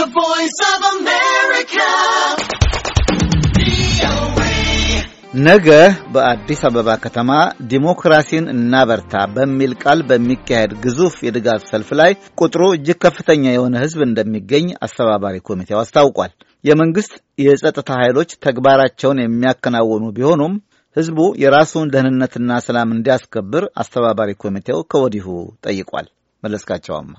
The Voice of America. ነገ በአዲስ አበባ ከተማ ዲሞክራሲን እናበርታ በሚል ቃል በሚካሄድ ግዙፍ የድጋፍ ሰልፍ ላይ ቁጥሩ እጅግ ከፍተኛ የሆነ ሕዝብ እንደሚገኝ አስተባባሪ ኮሚቴው አስታውቋል። የመንግሥት የጸጥታ ኃይሎች ተግባራቸውን የሚያከናውኑ ቢሆኑም ሕዝቡ የራሱን ደህንነትና ሰላም እንዲያስከብር አስተባባሪ ኮሚቴው ከወዲሁ ጠይቋል። መለስካቸዋማ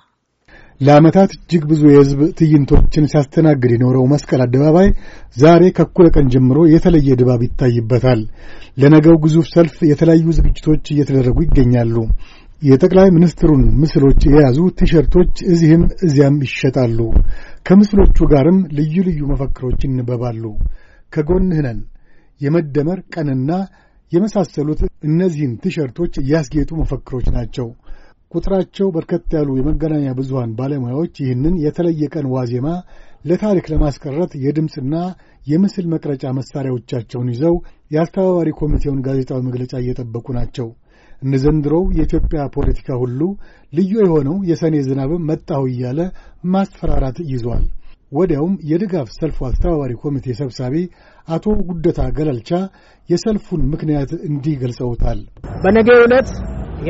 ለዓመታት እጅግ ብዙ የሕዝብ ትዕይንቶችን ሲያስተናግድ የኖረው መስቀል አደባባይ ዛሬ ከእኩለ ቀን ጀምሮ የተለየ ድባብ ይታይበታል። ለነገው ግዙፍ ሰልፍ የተለያዩ ዝግጅቶች እየተደረጉ ይገኛሉ። የጠቅላይ ሚኒስትሩን ምስሎች የያዙ ቲሸርቶች እዚህም እዚያም ይሸጣሉ። ከምስሎቹ ጋርም ልዩ ልዩ መፈክሮች ይንበባሉ። ከጎንህ ነን፣ የመደመር ቀንና የመሳሰሉት እነዚህን ቲሸርቶች ያስጌጡ መፈክሮች ናቸው። ቁጥራቸው በርከት ያሉ የመገናኛ ብዙሃን ባለሙያዎች ይህንን የተለየ ቀን ዋዜማ ለታሪክ ለማስቀረት የድምፅና የምስል መቅረጫ መሣሪያዎቻቸውን ይዘው የአስተባባሪ ኮሚቴውን ጋዜጣዊ መግለጫ እየጠበቁ ናቸው። እንደ ዘንድሮው የኢትዮጵያ ፖለቲካ ሁሉ ልዩ የሆነው የሰኔ ዝናብ መጣሁ እያለ ማስፈራራት ይዟል። ወዲያውም የድጋፍ ሰልፉ አስተባባሪ ኮሚቴ ሰብሳቢ አቶ ጉደታ ገለልቻ የሰልፉን ምክንያት እንዲህ ገልጸውታል። በነገ ዕለት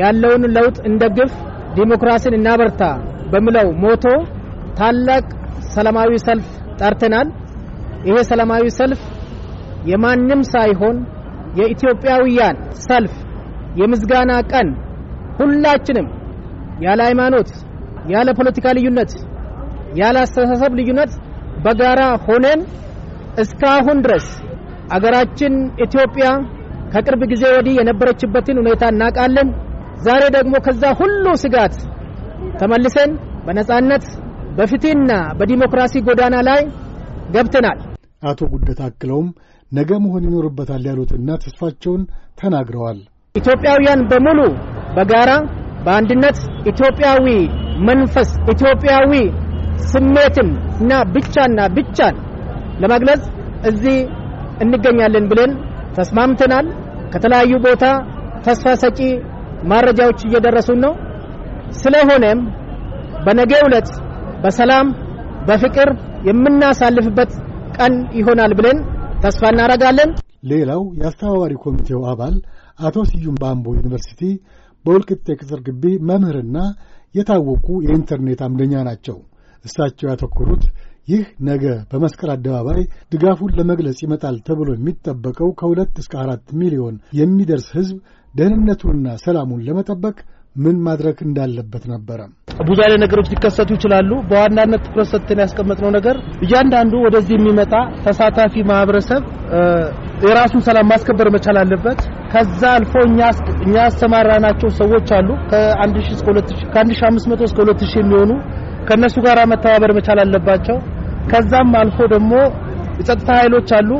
ያለውን ለውጥ እንደግፍ፣ ዲሞክራሲን እናበርታ በሚለው ሞቶ ታላቅ ሰላማዊ ሰልፍ ጠርተናል። ይሄ ሰላማዊ ሰልፍ የማንም ሳይሆን የኢትዮጵያውያን ሰልፍ የምዝጋና ቀን ሁላችንም ያለ ሃይማኖት፣ ያለ ፖለቲካ ልዩነት፣ ያለ አስተሳሰብ ልዩነት በጋራ ሆነን እስካሁን ድረስ አገራችን ኢትዮጵያ ከቅርብ ጊዜ ወዲህ የነበረችበትን ሁኔታ እናውቃለን። ዛሬ ደግሞ ከዛ ሁሉ ስጋት ተመልሰን በነጻነት በፍትህና በዲሞክራሲ ጎዳና ላይ ገብተናል። አቶ ጉደት አክለውም ነገ መሆን ይኖርበታል ያሉትና ተስፋቸውን ተናግረዋል። ኢትዮጵያውያን በሙሉ በጋራ በአንድነት ኢትዮጵያዊ መንፈስ ኢትዮጵያዊ ስሜትን እና ብቻና ብቻን ለመግለጽ እዚህ እንገኛለን ብለን ተስማምተናል። ከተለያዩ ቦታ ተስፋ ሰጪ ማረጃዎች እየደረሱን ነው። ስለሆነም በነገው ዕለት በሰላም በፍቅር የምናሳልፍበት ቀን ይሆናል ብለን ተስፋ እናደርጋለን። ሌላው የአስተባባሪ ኮሚቴው አባል አቶ ስዩም በአምቦ ዩኒቨርሲቲ በውልቅት የቅጽር ግቢ መምህርና የታወቁ የኢንተርኔት አምደኛ ናቸው። እሳቸው ያተኮሩት ይህ ነገ በመስቀል አደባባይ ድጋፉን ለመግለጽ ይመጣል ተብሎ የሚጠበቀው ከሁለት እስከ አራት ሚሊዮን የሚደርስ ሕዝብ ደህንነቱንና ሰላሙን ለመጠበቅ ምን ማድረግ እንዳለበት ነበረ። ብዙ አይነት ነገሮች ሊከሰቱ ይችላሉ። በዋናነት ትኩረት ሰጥተን ያስቀመጥነው ነገር እያንዳንዱ ወደዚህ የሚመጣ ተሳታፊ ማህበረሰብ የራሱን ሰላም ማስከበር መቻል አለበት። ከዛ አልፎ እኛ ያሰማራናቸው ሰዎች አሉ ከ 1 እስከ 2000 1500 እስከ 2000 የሚሆኑ ከነሱ ጋር መተባበር መቻል አለባቸው። ከዛም አልፎ ደግሞ የጸጥታ ኃይሎች አሉ።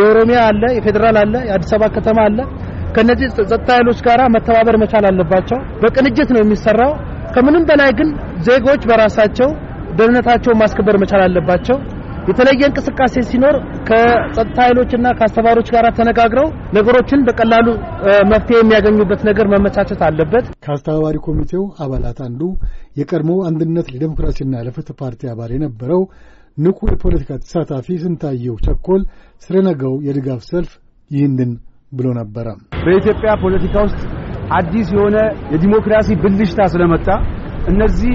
የኦሮሚያ አለ፣ የፌዴራል አለ፣ የአዲስ አበባ ከተማ አለ። ከነዚህ ጸጥታ ኃይሎች ጋር መተባበር መቻል አለባቸው። በቅንጅት ነው የሚሰራው። ከምንም በላይ ግን ዜጎች በራሳቸው ደህንነታቸውን ማስከበር መቻል አለባቸው። የተለየ እንቅስቃሴ ሲኖር ከጸጥታ ኃይሎችና ከአስተባባሪዎች ጋር ተነጋግረው ነገሮችን በቀላሉ መፍትሄ የሚያገኙበት ነገር መመቻቸት አለበት። ከአስተባባሪ ኮሚቴው አባላት አንዱ የቀድሞ አንድነት ለዲሞክራሲና ለፍትህ ፓርቲ አባል የነበረው ንቁ የፖለቲካ ተሳታፊ ስንታየው ቸኮል ስለነገው የድጋፍ ሰልፍ ይህንን ብሎ ነበረ። በኢትዮጵያ ፖለቲካ ውስጥ አዲስ የሆነ የዲሞክራሲ ብልሽታ ስለመጣ እነዚህ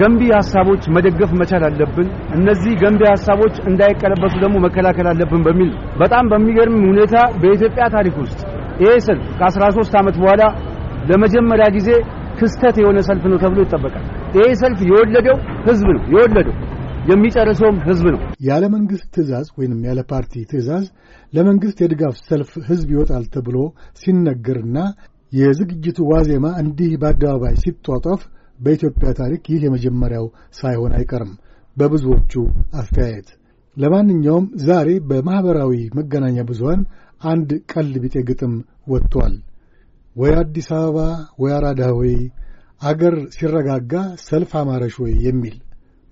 ገንቢ ሀሳቦች መደገፍ መቻል አለብን። እነዚህ ገንቢ ሀሳቦች እንዳይቀለበሱ ደግሞ መከላከል አለብን በሚል በጣም በሚገርም ሁኔታ በኢትዮጵያ ታሪክ ውስጥ ይሄ ሰልፍ ከ13 ዓመት በኋላ ለመጀመሪያ ጊዜ ክስተት የሆነ ሰልፍ ነው ተብሎ ይጠበቃል። ይሄ ሰልፍ የወለደው ህዝብ ነው የወለደው የሚጨርሰውም ህዝብ ነው። ያለ መንግስት ትእዛዝ ወይንም ያለ ፓርቲ ትእዛዝ ለመንግስት የድጋፍ ሰልፍ ህዝብ ይወጣል ተብሎ ሲነገርና የዝግጅቱ ዋዜማ እንዲህ በአደባባይ ሲጧጧፍ በኢትዮጵያ ታሪክ ይህ የመጀመሪያው ሳይሆን አይቀርም በብዙዎቹ አስተያየት። ለማንኛውም ዛሬ በማኅበራዊ መገናኛ ብዙሃን አንድ ቀል ቢጤ ግጥም ወጥቷል። ወይ አዲስ አበባ ወይ አራዳ ወይ አገር ሲረጋጋ ሰልፍ አማረሽ ወይ የሚል